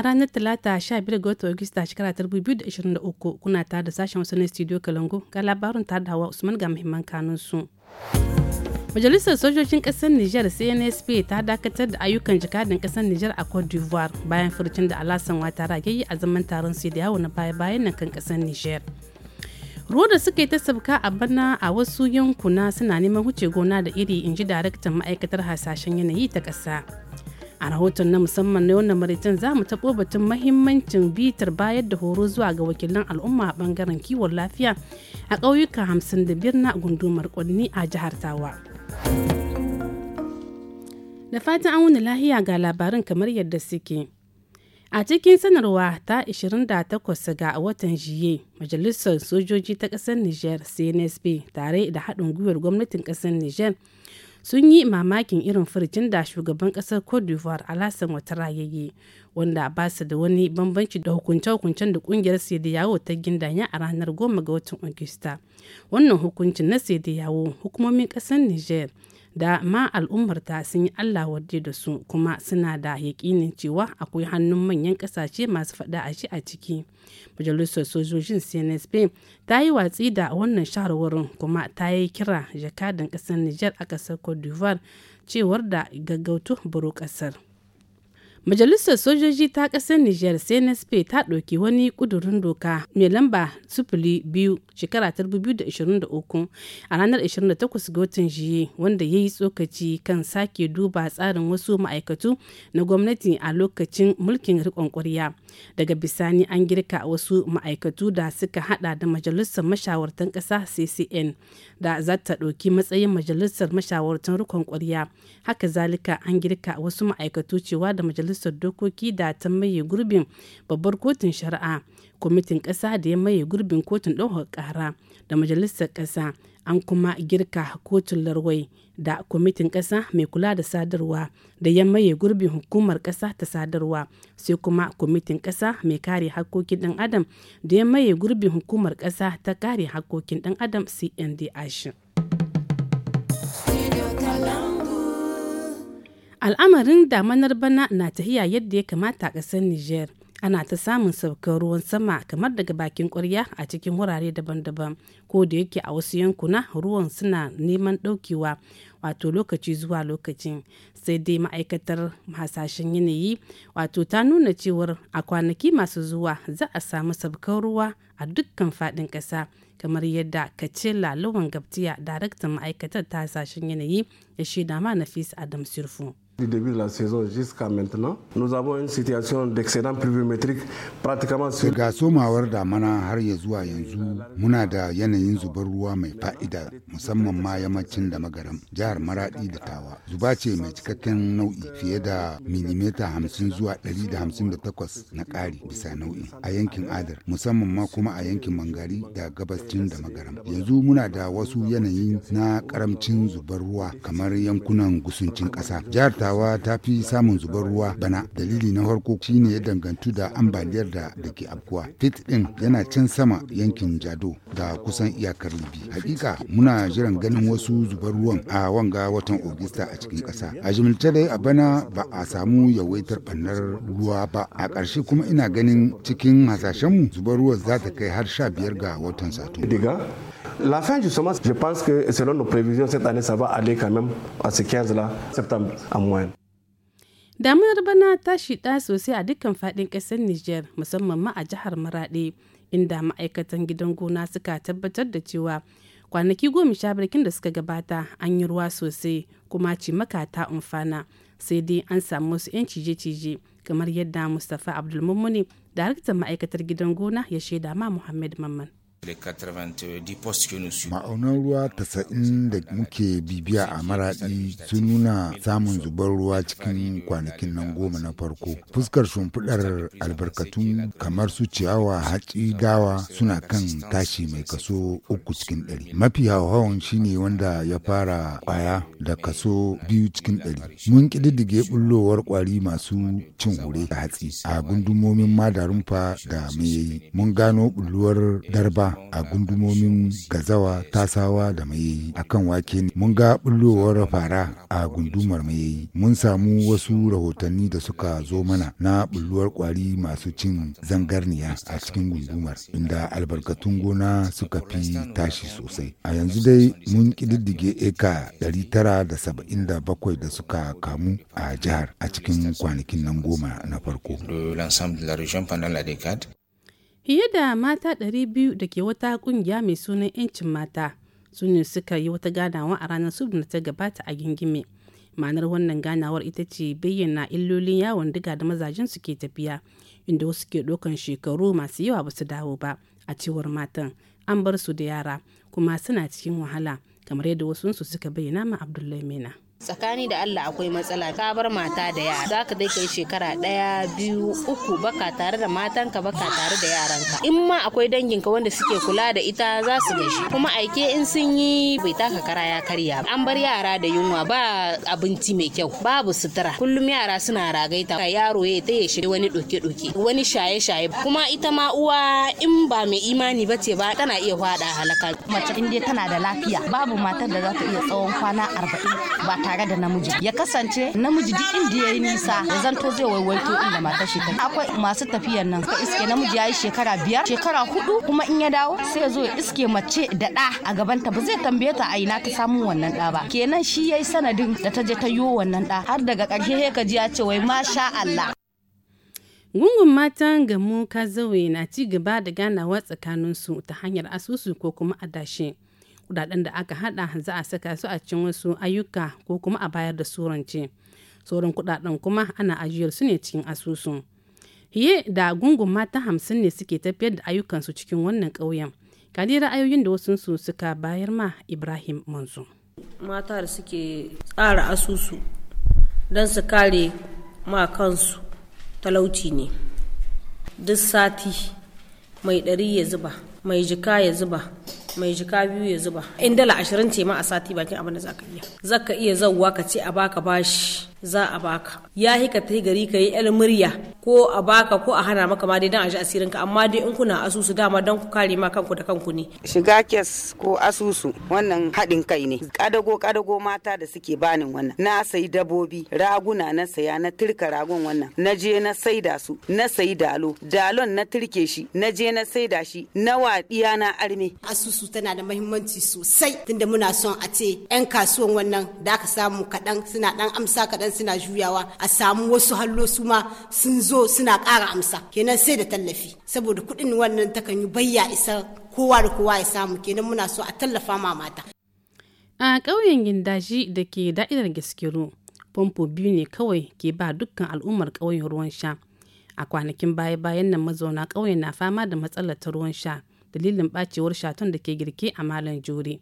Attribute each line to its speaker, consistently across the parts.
Speaker 1: muna ranar talata 15 ga Agusta shekara 2023 kuna tare da sashen wasu na studio Kalango ga labarin tare da hawa Usman ga muhimman kanun su. Majalisar Sojojin Ƙasar Nijar CNSP ta dakatar da ayyukan jikadin kasar Nijar a Cote d'Ivoire bayan furcin da Alasan Watara ya yi a zaman taron su da yawo na baya-bayan nan kan kasar Nijar. ruwa da suka yi ta sabka a bana a wasu yankuna suna neman wuce gona da iri in ji daraktan ma'aikatar hasashen yanayi ta ƙasa a rahoton na musamman na wannan maritan za mu taɓo batun mahimmancin bitar bayar da horo zuwa ga wakilan al'umma a bangaren kiwon lafiya a ƙauyuka hamsin da biyar na gundumar kwanni a jihar tawa da fatan an wuni lahiya ga labarin kamar yadda suke a cikin sanarwa ta 28 ga watan jiye majalisar sojoji ta ƙasar niger cnsb tare da haɗin gwiwar gwamnatin ƙasar niger sun yi mamakin irin furcin da shugaban kasar cote d'ivoire ouattara wata rayayye wanda ba su da wani bambanci da hukunce-hukuncen da kungiyar yawo ta gindanya a ranar goma ga watan agusta wannan hukuncin na yawo hukumomin kasar niger da ma al'ummarta sun yi Allah wadde da su kuma suna da yaƙinin cewa akwai hannun manyan ƙasashe masu faɗa a shi a ciki. Majalisar sojojin CNSP ta yi watsi da wannan shawarwarin kuma ta yi kira jakadan ƙasar Nijar a ƙasar Cote d'Ivoire cewar da gaggautu baro ƙasar. Majalisar Sojoji ta ƙasar Nijar CNSP ta ɗauki wani ƙudurin doka mai lamba sufuli biyu shekara ta 2023 a ranar 28 ga watan jiye wanda ya yi tsokaci kan sake duba tsarin wasu ma'aikatu na gwamnati a lokacin mulkin rikon kwarya daga bisani an girka wasu ma'aikatu da suka hada da majalisar mashawartan ƙasa ccn da za ta ɗauki matsayin majalisar mashawartan rikon kwarya haka zalika an girka wasu ma'aikatu cewa da majalisar dokoki da ta maye gurbin babbar kotun shari'a kwamitin ƙasa da ya maye gurbin kotun ɗaukar ƙara da majalisar ƙasa an kuma girka kotun larwai da kwamitin ƙasa mai kula da sadarwa da ya maye gurbin hukumar ƙasa ta sadarwa sai kuma kwamitin ƙasa mai kare hakokin ɗan adam da ya maye gurbin hukumar ƙasa ta kare hakokin ɗan adam cndh al'amarin damanar bana na tahiya yadda ya kamata a ƙasar niger ana ta samun saukar ruwan sama kamar daga bakin kwarya a cikin wurare daban-daban ko da yake a wasu yankuna ruwan suna neman ɗaukewa wato lokaci zuwa lokacin sai dai ma'aikatar hasashen yanayi wato ta nuna cewar a kwanaki masu zuwa za a samu sabkar ruwa a dukkan fadin kasa kamar yadda kacela lawan gabtiya daraktan ma'aikatar ta hasashen yanayi ya shaida ma nafis adam sirfu
Speaker 2: du début de la saison jusqu'à maintenant. Nous avons une situation d'excédent pluviométrique pratiquement sur... somawar damana har ya zuwa yanzu muna da yanayin zubar ruwa mai fa'ida musamman ma yammacin da magaram jihar Maradi da Tawa. Zuba ce mai cikakken nau'i fiye da milimeta hamsin zuwa ɗari da hamsin da takwas na ƙari bisa nau'i a yankin Adar musamman ma kuma a yankin Mangari da gabascin da magaram. Yanzu muna da wasu yanayi na karamcin zubar ruwa kamar yankunan gusuncin ƙasa. Jihar tawa ta fi samun zubar ruwa bana dalili na harko shine ya dangantu da ambaliyar da dake ke afkuwa fit din yana can sama yankin jado da kusan iyakar libi hakika muna jiran ganin wasu zubar ruwan a wanga watan ogista a cikin kasa a jimilta dai a bana ba a samu yawaitar bannar ruwa ba a ƙarshe kuma ina ganin cikin hasashenmu zubar ruwan za ta kai har sha biyar ga watan satumba La fin, justement, je pense que selon nos prévisions, cette année, ça va aller quand même à ce 15-là, septembre
Speaker 1: en moins. Damunar bana ta shiɗa sosai a dukkan faɗin ƙasar niger musamman ma a jihar maraɗi inda ma'aikatan gidan gona suka tabbatar da cewa kwanaki goma sha birkin da suka gabata an yi ruwa sosai kuma cimaka ta umfana sai dai an samu wasu 'yan cije-cije kamar yadda Mustapha Abdulmumuni, daraktan ma'aikatar gidan gona ya shaida ma Muhammad Mamman.
Speaker 2: ma'aunan ruwa tasa'in da muke bibiya a maraɗi sun nuna samun zubar ruwa cikin kwanakin nan goma na farko fuskar shimfiɗar albarkatun kamar su ciyawa haƙi gawa suna kan tashi mai kaso uku cikin ɗari mafi hauhawan shine wanda ya fara ƙwaya da kaso biyu cikin ɗari mun ƙididdige bullowar ƙwari masu cin hure da hatsi a gundumomin madarumfa da mayayi mun gano bulluwar darba a gundumomin gazawa tasawa da mayayi kan wake ne mun ga bullowar fara a gundumar mayayi mun samu wasu rahotanni da suka zo mana na bulluwar kwari masu cin zangarniya a cikin gundumar inda albarkatun gona suka fi tashi sosai a yanzu dai mun kididdige eka 977 da suka kamu a jihar a cikin kwanakin nan goma na farko.
Speaker 1: Fiye da mata 200 da ke wata kungiya mai sunan 'yancin mata su ne suka yi wata ganawa a ranar da ta gabata a gingime. Ma'anar wannan ganawar ita ce bayyana illolin yawon diga da mazajen su ke tafiya, inda wasu ke ɗaukan shekaru masu yawa ba su dawo ba, a cewar matan. An bar su da yara, kuma suna cikin wahala, kamar yadda wasunsu suka bayyana ma Abdullahi Mena.
Speaker 3: tsakani da Allah akwai matsala ka bar mata da yara za ka dai kai shekara ɗaya biyu uku baka tare da matanka baka tare da yaranka in ma akwai danginka wanda suke kula da ita za su gaishe kuma aike in sun yi bai taka kara ya karya an bar yara da yunwa ba abinci mai kyau babu sutura kullum yara suna ragaita yaro ya ta ya wani doke doke wani shaye shaye kuma ita ma uwa in ba mai imani ba ce ba tana iya fada halaka mace in dai tana da lafiya babu matar da za ta iya tsawon kwana arba'in ba tare da namiji ya kasance namiji duk inda yayi nisa ya zanto zai waiwaito inda matar shi take akwai masu tafiyan nan ka iske namiji yayi shekara biyar shekara hudu kuma in ya dawo sai ya zo ya iske mace da da a ta. ba zai tambaye ta a ina ta samu wannan da ba kenan shi yayi sanadin da ta je ta yo wannan ɗa. har daga karshe ka ji ya ce wai masha Allah
Speaker 1: Gungun matan gamu kazawe na ci gaba da ganawa tsakaninsu ta hanyar asusu ko kuma adashe. kudaden da aka hada za a saka su a cikin wasu ayyuka ko kuma a bayar da su rance sauran kudaden kuma ana ajiyar su ne cikin asusun hiye da gungun mata hamsin ne suke tafiyar da ayyukansu cikin wannan kauyen kadi ra'ayoyin da wasu su suka bayar ma ibrahim manzo
Speaker 3: mata da suke
Speaker 1: tsara asusu don
Speaker 3: su kare ma kansu talauci ne duk sati mai ɗari ya zuba mai jika ya zuba mai jika biyu ya zuba in dala ashirin ce ma a sati bakin abin da zaka iya zaka iya zauwa ka ce a baka bashi za a baka ya hika ta gari ka yi yar murya ko a baka ko a hana maka ma dai dan a ji asirinka amma dai in kuna asusu dama dan ku kare ma kanku da kanku ne shiga kes ko asusu wannan haɗin kai ne kadago kadago mata da suke bani wannan na sayi dabobi raguna na saya na turka ragon wannan na je na saida su na sayi dalo dalon na turke shi na je na saida shi na waɗiya na arme asusu tana da mahimmanci sosai tunda muna son a ce 'yan kasuwan wannan da aka samu kaɗan suna ɗan amsa kaɗan kan suna juyawa a samu wasu hallo su ma sun zo suna ƙara amsa kenan sai da tallafi saboda kuɗin wannan takan yi bayya isa kowa da kowa ya samu kenan muna so a tallafa ma mata.
Speaker 1: a ƙauyen gindaji da ke da'irar gaskiro pompo biyu ne kawai ke ba dukkan al'ummar ƙauyen ruwan sha a kwanakin baya bayan nan mazauna ƙauyen na fama da matsalar ta ruwan sha dalilin bacewar shaton da ke girke a malam jure.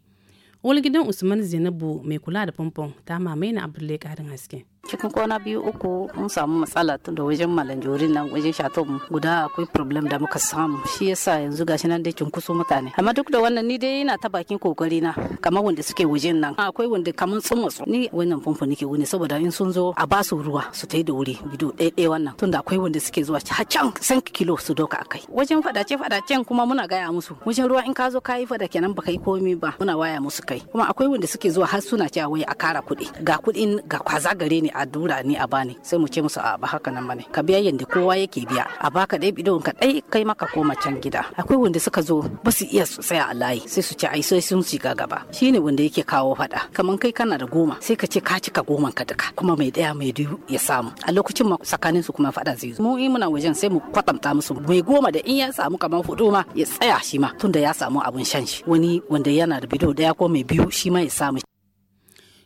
Speaker 1: Uwar gidan Usman Zainabu mai kula da famfon ta mamaina Abdullahi ƙarin haske.
Speaker 3: cikin kwana biyu uku mun samu matsala tun da wajen jorin nan wajen shaton guda akwai problem da muka samu shi yasa yanzu gashi nan dai cunkusu mutane amma duk da wannan ni dai yana ta bakin kokari na kamar wanda suke wajen nan akwai wanda kamar sun matsu ni wannan famfo nake wuni saboda in sun zo a basu ruwa su tai da wuri bido ɗaya ɗaya wannan tun da akwai wanda suke zuwa can san kilo su doka akai wajen fadace fadacen kuma muna gaya musu wajen ruwa in ka zo ka yi fada kenan baka yi komai ba muna waya musu kai kuma akwai wanda suke zuwa har suna cewa wai a kara kuɗi ga kuɗin ga kwaza gare ni ni a dura ni a bani sai mu ce musu a ba haka nan bane ka biya yanda kowa yake biya a baka ɗaya bidon ka ɗai kai maka koma can gida akwai wanda suka zo ba su iya su tsaya a layi sai su ci ai sai sun shiga gaba shine wanda yake kawo faɗa kaman kai kana da goma sai ka ce ka cika goman ka duka kuma mai ɗaya mai biyu ya samu a lokacin ma tsakanin su kuma faɗa zai zo mu yi muna wajen sai mu kwatanta musu mai goma da in ya samu kaman hudu ma ya tsaya shi ma tunda ya samu abun shan shi wani wanda yana da bidon ɗaya ko mai biyu shi ma ya samu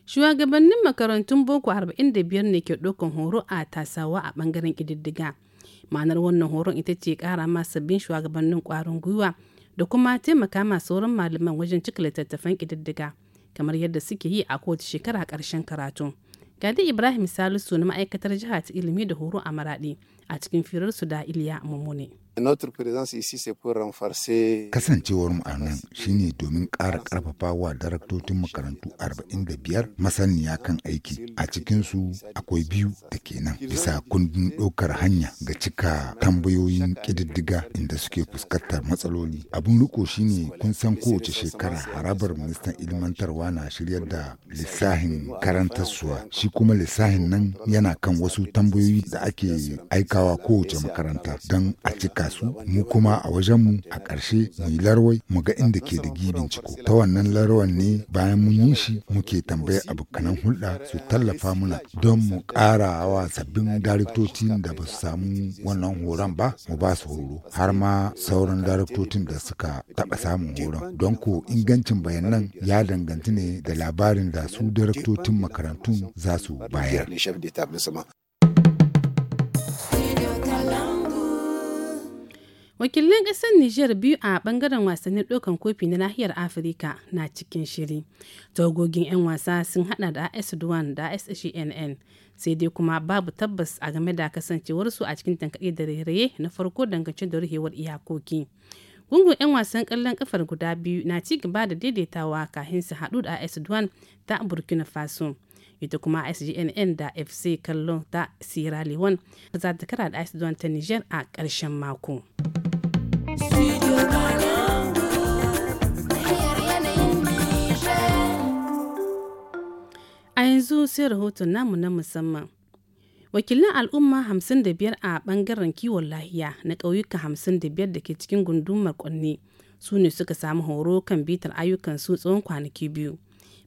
Speaker 1: Shugabannin makarantun boko 45 ne ke ɗaukan horo a tasawa a ɓangaren ƙididdiga. Ma'anar wannan horon ita ce ƙara ma sabbin shugabannin ƙwarin gwiwa da kuma taimaka ma sauran malaman wajen cika littattafan ƙididdiga kamar yadda suke yi a kowace shekara a ƙarshen karatu. Gadi Ibrahim Salisu na ma'aikatar jiha ta ilimi da horo a Maraɗi a cikin firarsu da Iliya Mummuni.
Speaker 2: Kasancewar mu a nan shine domin ƙara ƙarfafa wa daraktocin makarantu 45 masaniya kan aiki a cikinsu akwai biyu da ke nan bisa kundin ɗaukar hanya ga cika tambayoyin ƙididdiga inda suke fuskantar matsaloli. Abun riko shine kun san kowace shekara harabar ministan ilmantarwa na shiryar da lissahin karantar karantarsuwa shi kuma lissahin nan yana kan wasu tambayoyi da ake aikawa kowace makaranta don a cika girka su mu kuma a wajen mu a ƙarshe mu yi larwai mu ga inda ke da gibin ciko ta wannan larwan ne bayan mun yi shi muke tambaya abokanan hulɗa su tallafa muna don mu ƙara wa sabbin daraktocin da ba su samu wannan horon ba mu ba su horo har ma sauran daraktocin da suka taɓa samun horon don ko ingancin bayanan ya danganci ne da labarin da su daraktocin makarantun za su bayar.
Speaker 1: Wakilin ƙasar niger biyu a ɓangaren wasannin ɗaukan kofi na nahiyar afirka na cikin shiri tagogin 'yan wasa sun hada da as duwan da as sai dai kuma babu tabbas a game da kasancewarsu a cikin tankaɗe da rairaye na farko dangance da ruhewar iyakoki gungun 'yan wasan kallon ƙafar guda biyu na ci gaba da daidaitawa kafin su haɗu da as duwan ta burkina faso ita kuma SGNN da FC kallon ta Sierra Leone za ta kara da ICE ta Niger a ƙarshen mako. A yanzu sai rahoton namu na musamman. wakilan al'umma 55 a bangaren kiwon lahiya na ƙauyuka 55 da ke cikin gundumar kwanne su ne suka samu horo kan bitar ayyukan su tsawon kwanaki biyu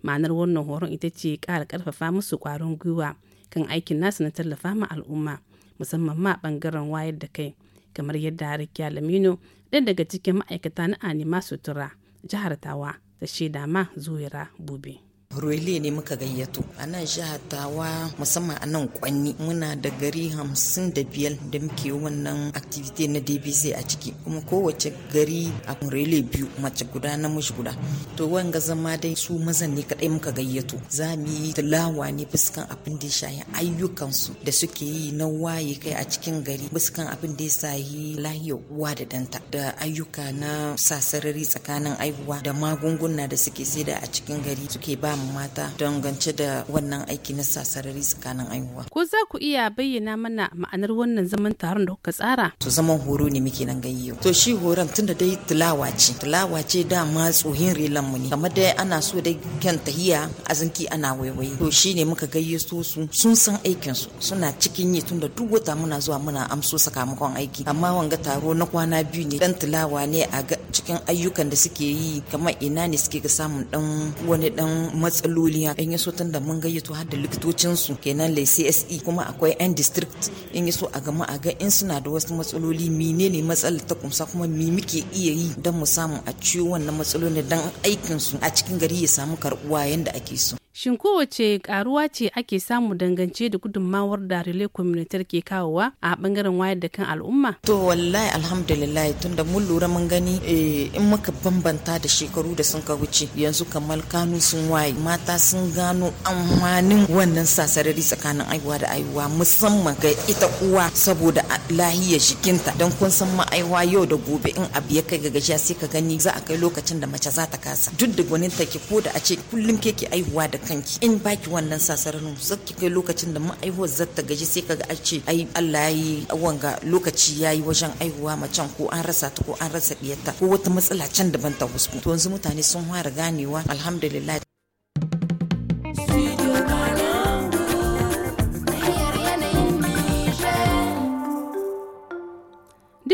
Speaker 1: ma'anar wannan horon ita ce ƙara ƙarfafa musu ƙwarin gwiwa kan aikin nasu na tallafa ma al'umma musamman ma ɓangaren wayar da kai kamar yadda Rikiya alamino ɗan daga cikin ma'aikata na Anima Sutura jihar Tawa da shaida ma Zuwira Bube.
Speaker 4: ruwele ne muka gayyato a nan jihar tawa musamman a nan kwanni muna da gari hamsin da biyar da muke wannan activity na dbc a ciki kuma kowace gari a ruwele biyu mace guda na mushi guda to wanga zama dai su mazan ne kadai muka gayyato za mu yi tilawa ne fuskan abin da ya ayyukan ayyukansu da suke yi na waye kai a cikin gari fuskan abin da ya sahi lahiyar uwa da danta da ayyuka na sa tsakanin aihuwa da magunguna da suke da a cikin gari suke ba mu musamman mata dangance da wannan aiki na sasarari tsakanin aihuwa.
Speaker 1: Ko za ku iya bayyana mana ma'anar wannan zaman taron da kuka tsara?
Speaker 4: To zaman horo ne muke nan gayyo. To shi horon tunda dai tilawa ce. Tilawa ce dama tsohin relan mu ne. Kamar dai ana so dai kyan tahiya azinki ana waiwaye. To shi ne muka gayyato su sun san aikin su suna cikin yi tunda duk wata muna zuwa muna amso sakamakon aiki. Amma wanga taro na kwana biyu ne dan tilawa ne a ga cikin ayyukan da suke yi kamar ina ne suke ga samun dan wani dan matsaloli in yaso tun da mun gayyato har da likitocin su kenan lai CSE kuma akwai yan district in yaso a gama a ga in suna da wasu matsaloli menene matsalar ta kumsa kuma me muke iya yi dan mu samu a ciwo wannan matsalolin dan aikin su a cikin gari ya samu karbuwa yanda ake so
Speaker 1: Shin kowace karuwa ce ake samu dangance da gudunmawar da Relay Communitar ke kawowa a bangaren wayar da kan al'umma? To wallahi
Speaker 4: alhamdulillah tunda mun lura mun gani eh, in muka bambanta da shekaru da sun ka wuce yanzu kamar kanu sun waye mata sun gano amfanin wannan sasarari tsakanin aiwa da aiwa musamman ga ita uwa saboda lahiyar jikinta don kun san ma'aiwa yau da gobe in abu ya kai ga gajiya sai ka gani za a kai lokacin da mace za ta kasa duk da gwanin take ko da a ce kullum keke aihuwa da kanki in baki wannan sasarin zaki kai lokacin da ma'aihuwar zata gaji sai kaga a ce ai Allah yayi wanga lokaci yayi wajen aihuwa macen ko an rasa ta ko an rasa diyarta ko wata matsala can daban ta husku to yanzu mutane sun fara ganewa alhamdulillah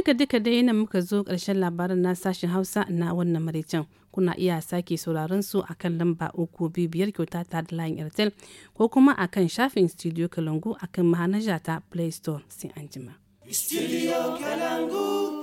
Speaker 1: duka-duka dai yana muka zo ƙarshen labarin na sashen hausa na wannan maraicen kuna iya sake sauraron su a kan lamba uku biyu biyar kyauta ta da layin airtel ko kuma a kan shafin studio kalangu a kan mahanaja ta play store sai an jima.
Speaker 2: Kalangu.